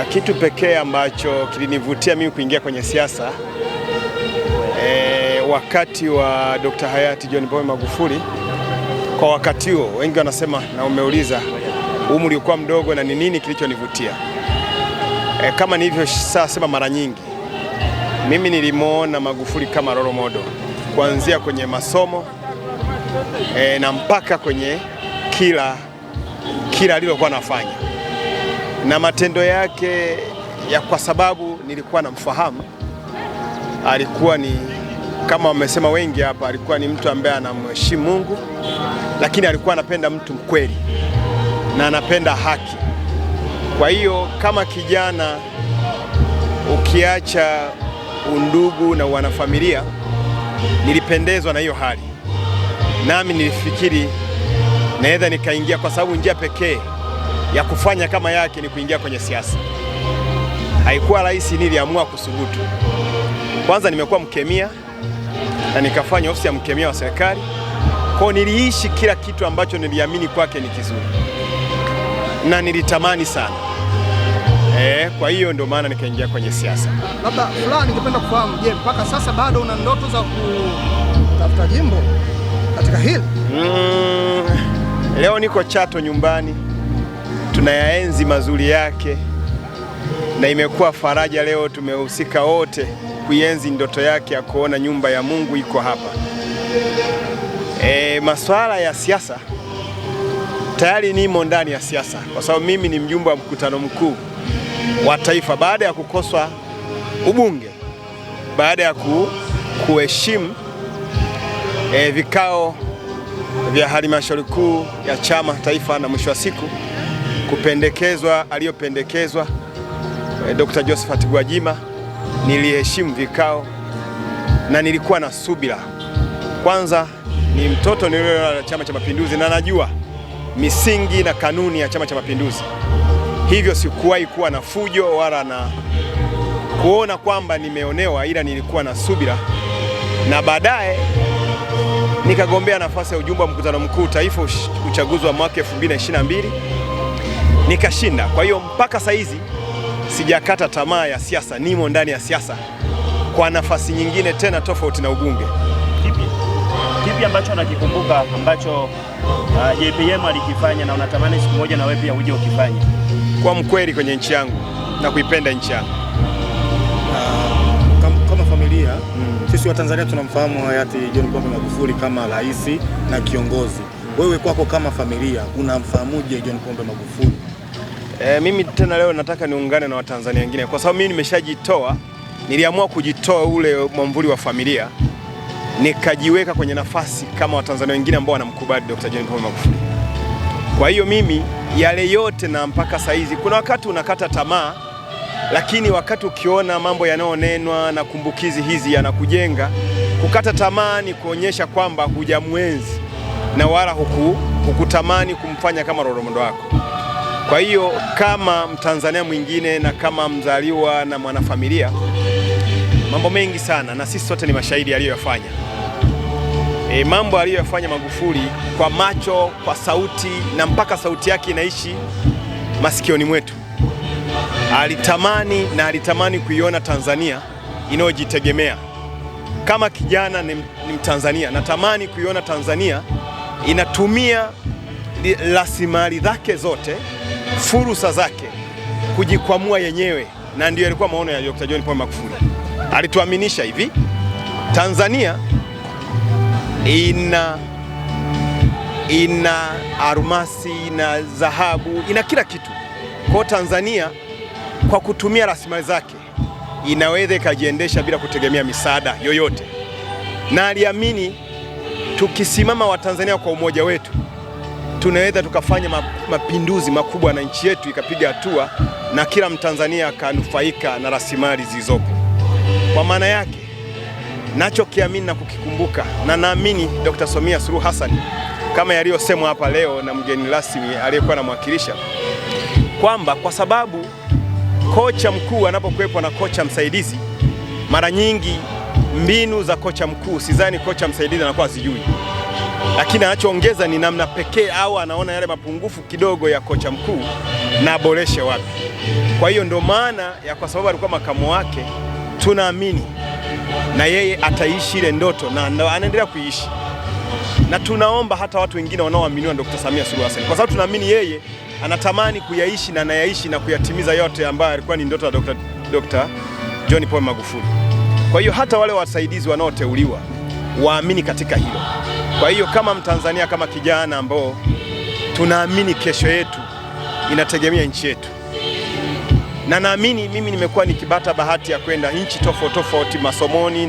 Uh, kitu pekee ambacho kilinivutia mimi kuingia kwenye siasa e, wakati wa Dr. Hayati John Pombe Magufuli, kwa wakati huo wengi wanasema na umeuliza umri ulikuwa mdogo na ni nini kilichonivutia. E, kama nilivyosema mara nyingi, mimi nilimwona Magufuli kama role model kuanzia kwenye masomo e, na mpaka kwenye kila kila alilokuwa anafanya na matendo yake ya, kwa sababu nilikuwa namfahamu, alikuwa ni kama wamesema wengi hapa, alikuwa ni mtu ambaye anamheshimu Mungu, lakini alikuwa anapenda mtu mkweli na anapenda haki. Kwa hiyo kama kijana, ukiacha undugu na wanafamilia, nilipendezwa na hiyo hali, nami nilifikiri naweza nikaingia, kwa sababu njia pekee ya kufanya kama yake ni kuingia kwenye siasa. Haikuwa rahisi, niliamua kusubutu. Kwanza nimekuwa mkemia na nikafanya ofisi ya mkemia wa serikali, kwa niliishi kila kitu ambacho niliamini kwake ni kizuri na nilitamani sana e, kwa hiyo ndio maana nikaingia kwenye siasa. Labda fulani, ningependa kufahamu, je, mpaka sasa bado una ndoto za kutafuta jimbo katika hili? Mm, leo niko Chato nyumbani tunayaenzi mazuri yake, na imekuwa faraja leo tumehusika wote kuienzi ndoto yake ya kuona nyumba ya Mungu iko hapa. E, masuala ya siasa tayari nimo ndani ya siasa kwa sababu mimi ni mjumbe wa mkutano mkuu wa taifa baada ya kukoswa ubunge baada ya ku, kuheshimu e, vikao vya halmashauri kuu ya chama taifa, na mwisho wa siku kupendekezwa aliyopendekezwa eh, Dr. Josephat Gwajima, niliheshimu vikao na nilikuwa na subira. Kwanza ni mtoto nilioa na Chama cha Mapinduzi na najua misingi na kanuni ya Chama cha Mapinduzi, hivyo sikuwahi kuwa na fujo wala na kuona kwamba nimeonewa, ila nilikuwa na subira na baadaye nikagombea nafasi ya ujumbe wa mkutano mkuu taifa uchaguzi wa mwaka 2022 nikashinda. Kwa hiyo mpaka saa hizi sijakata tamaa ya siasa, nimo ndani ya siasa kwa nafasi nyingine tena tofauti na ubunge. Kipi kipi ambacho nakikumbuka ambacho uh, JPM alikifanya na unatamani siku moja na wewe pia uje ukifanye? Kwa mkweli kwenye nchi yangu na kuipenda nchi yangu uh, kama familia mm. Sisi Watanzania tunamfahamu hayati John Pombe Magufuli kama rais na kiongozi wewe kwako kama familia unamfahamuje John Pombe Magufuli? E, mimi tena leo nataka niungane na Watanzania wengine kwa sababu mimi nimeshajitoa, niliamua kujitoa ule mwamvuli wa familia nikajiweka kwenye nafasi kama Watanzania wengine ambao wanamkubali Dr. John Pombe Magufuli. Kwa hiyo mimi yale yote na mpaka saizi, kuna wakati unakata tamaa, lakini wakati ukiona mambo yanayonenwa na kumbukizi hizi yanakujenga. Kukata tamaa ni kuonyesha kwamba hujamwenzi na wala huku, hukutamani kumfanya kama rodomondo wako. Kwa hiyo kama Mtanzania mwingine na kama mzaliwa na mwanafamilia, mambo mengi sana na sisi sote ni mashahidi aliyoyafanya. E, mambo aliyoyafanya Magufuli kwa macho, kwa sauti na mpaka sauti yake inaishi masikioni mwetu. Alitamani na alitamani kuiona Tanzania inayojitegemea. Kama kijana ni Mtanzania, natamani kuiona Tanzania inatumia rasilimali zake zote, fursa zake kujikwamua yenyewe, na ndiyo yalikuwa maono ya Dr. John Pombe Magufuli. Alituaminisha hivi Tanzania ina ina almasi ina dhahabu ina kila kitu. Kwa Tanzania kwa kutumia rasilimali zake inaweza ikajiendesha bila kutegemea misaada yoyote, na aliamini Tukisimama Watanzania kwa umoja wetu, tunaweza tukafanya mapinduzi makubwa na nchi yetu ikapiga hatua na kila Mtanzania akanufaika na rasilimali zilizopo. Kwa maana yake, nachokiamini na kukikumbuka, na naamini Dr. Samia Suluhu Hassan kama yaliyosemwa hapa leo na mgeni rasmi aliyekuwa anamwakilisha kwamba kwa sababu kocha mkuu anapokuwepo na kocha msaidizi mara nyingi mbinu za kocha mkuu, sidhani kocha msaidizi anakuwa azijui, lakini anachoongeza ni namna pekee, au anaona yale mapungufu kidogo ya kocha mkuu na aboreshe wapi. Kwa hiyo ndio maana ya, kwa sababu alikuwa makamo wake, tunaamini na yeye ataishi ile ndoto na anaendelea kuiishi, na tunaomba hata watu wengine wanaoaminiwa na Samia Suluhu Hassan, kwa sababu tunaamini yeye anatamani kuyaishi na anayaishi na kuyatimiza yote ambayo alikuwa ni ndoto ya Dr. John Pombe Magufuli. Kwa hiyo hata wale wasaidizi wanaoteuliwa waamini katika hilo. Kwa hiyo kama Mtanzania, kama kijana ambao tunaamini kesho yetu inategemea nchi yetu, na naamini mimi nimekuwa nikibata bahati ya kwenda nchi tofauti tofauti masomoni na